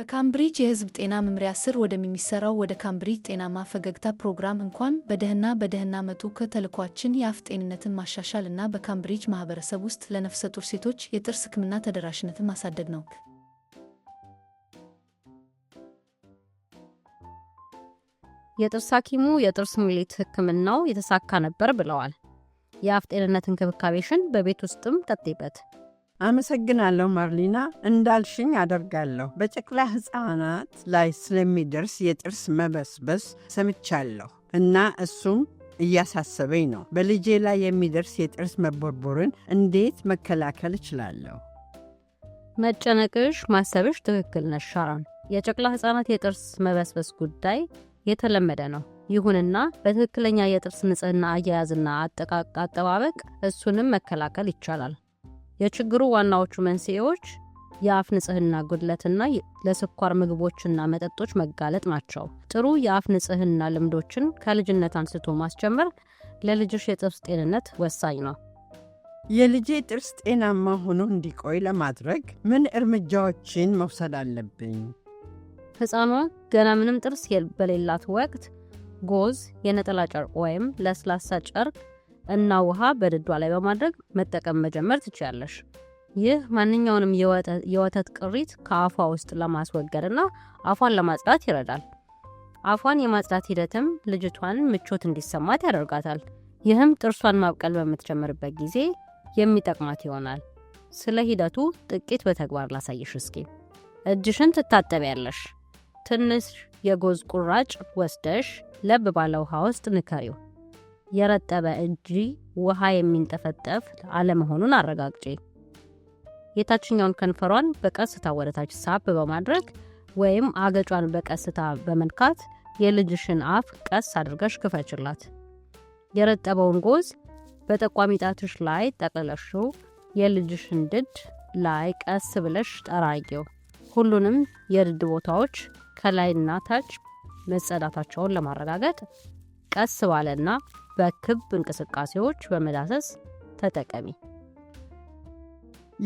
በካምብሪጅ የሕዝብ ጤና መምሪያ ስር ወደሚሰራው ወደ ካምብሪጅ ጤናማ ፈገግታ ፕሮግራም እንኳን በደህና በደህና መጡ። ከተልኳችን የአፍ ጤንነትን ማሻሻል እና በካምብሪጅ ማህበረሰብ ውስጥ ለነፍሰ ጡር ሴቶች የጥርስ ሕክምና ተደራሽነትን ማሳደግ ነው። የጥርስ ሐኪሙ የጥርስ ሙሌት ሕክምናው የተሳካ ነበር ብለዋል። የአፍ ጤንነት እንክብካቤሽን በቤት ውስጥም ቀጥይበት። አመሰግናለሁ ማርሊና። እንዳልሽኝ አደርጋለሁ። በጨቅላ ሕፃናት ላይ ስለሚደርስ የጥርስ መበስበስ ሰምቻለሁ እና እሱም እያሳሰበኝ ነው። በልጄ ላይ የሚደርስ የጥርስ መቦርቦርን እንዴት መከላከል እችላለሁ? መጨነቅሽ፣ ማሰብሽ ትክክል ነሽ ሻራን። የጨቅላ ሕፃናት የጥርስ መበስበስ ጉዳይ የተለመደ ነው። ይሁንና በትክክለኛ የጥርስ ንጽህና አያያዝና አጠባበቅ እሱንም መከላከል ይቻላል። የችግሩ ዋናዎቹ መንስኤዎች የአፍ ንጽህና ጉድለትና ለስኳር ምግቦችና መጠጦች መጋለጥ ናቸው። ጥሩ የአፍ ንጽህና ልምዶችን ከልጅነት አንስቶ ማስጀመር ለልጅሽ የጥርስ ጤንነት ወሳኝ ነው። የልጄ ጥርስ ጤናማ ሆኖ እንዲቆይ ለማድረግ ምን እርምጃዎችን መውሰድ አለብኝ? ሕፃኗ ገና ምንም ጥርስ በሌላት ወቅት ጎዝ፣ የነጠላ ጨርቅ ወይም ለስላሳ ጨርቅ እና ውሃ በድዷ ላይ በማድረግ መጠቀም መጀመር ትችላለሽ። ይህ ማንኛውንም የወተት ቅሪት ከአፏ ውስጥ ለማስወገድና አፏን ለማጽዳት ይረዳል። አፏን የማጽዳት ሂደትም ልጅቷን ምቾት እንዲሰማት ያደርጋታል። ይህም ጥርሷን ማብቀል በምትጀምርበት ጊዜ የሚጠቅማት ይሆናል። ስለ ሂደቱ ጥቂት በተግባር ላሳየሽ እስኪ። እጅሽን ትታጠቢያለሽ። ትንሽ የጎዝ ቁራጭ ወስደሽ ለብ ባለ ውሃ ውስጥ ንከሪው። የረጠበ እንጂ ውሃ የሚንጠፈጠፍ አለመሆኑን አረጋግጪ። የታችኛውን ከንፈሯን በቀስታ ወደታች ሳብ በማድረግ ወይም አገጯን በቀስታ በመንካት የልጅሽን አፍ ቀስ አድርገሽ ክፈችላት። የረጠበውን ጎዝ በጠቋሚ ጣትሽ ላይ ጠቅልለሽው የልጅሽን ድድ ላይ ቀስ ብለሽ ጠራጊው። ሁሉንም የድድ ቦታዎች ከላይና ታች መጸዳታቸውን ለማረጋገጥ ቀስ ባለና በክብ እንቅስቃሴዎች በመዳሰስ ተጠቀሚ።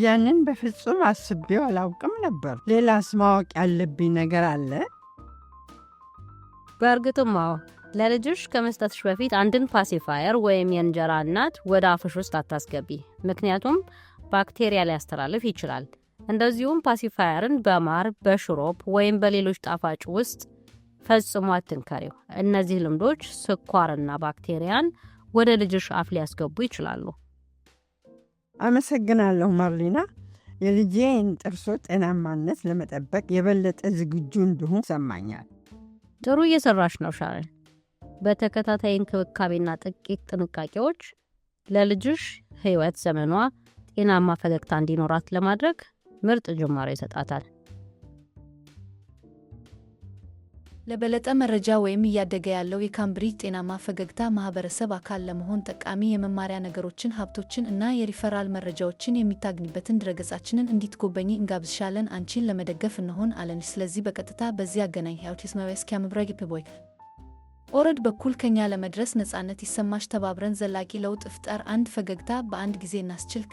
ያንን በፍጹም አስቤው አላውቅም ነበር። ሌላስ ማወቅ ያለብኝ ነገር አለ? በእርግጥም አዎ። ለልጆች ከመስጠትሽ በፊት አንድን ፓሲፋየር ወይም የእንጀራ እናት ወደ አፍሽ ውስጥ አታስገቢ፣ ምክንያቱም ባክቴሪያ ሊያስተላልፍ ይችላል። እንደዚሁም ፓሲፋየርን በማር በሽሮፕ ወይም በሌሎች ጣፋጭ ውስጥ ፈጽሞ አትንከሪው። እነዚህ ልምዶች ስኳርና ባክቴሪያን ወደ ልጅሽ አፍ ሊያስገቡ ይችላሉ። አመሰግናለሁ ማርሊና። የልጄን ጥርሶ ጤናማነት ለመጠበቅ የበለጠ ዝግጁ እንዲሁም ሰማኛል ጥሩ እየሰራሽ ነው ሻረን። በተከታታይ እንክብካቤና ጥቂት ጥንቃቄዎች ለልጅሽ ህይወት ዘመኗ ጤናማ ፈገግታ እንዲኖራት ለማድረግ ምርጥ ጅማሮ ይሰጣታል። ለበለጠ መረጃ ወይም እያደገ ያለው የካምብሪጅ ጤናማ ፈገግታ ማህበረሰብ አካል ለመሆን ጠቃሚ የመማሪያ ነገሮችን፣ ሀብቶችን እና የሪፈራል መረጃዎችን የሚታግኝበትን ድረገጻችንን እንዲትጎበኝ እንጋብዝሻለን። አንቺን ለመደገፍ እንሆን አለን። ስለዚህ በቀጥታ በዚህ አገናኝ ቦይ ኦረድ በኩል ከኛ ለመድረስ ነፃነት ይሰማሽ። ተባብረን ዘላቂ ለውጥ ፍጠር። አንድ ፈገግታ በአንድ ጊዜ እናስችልክ።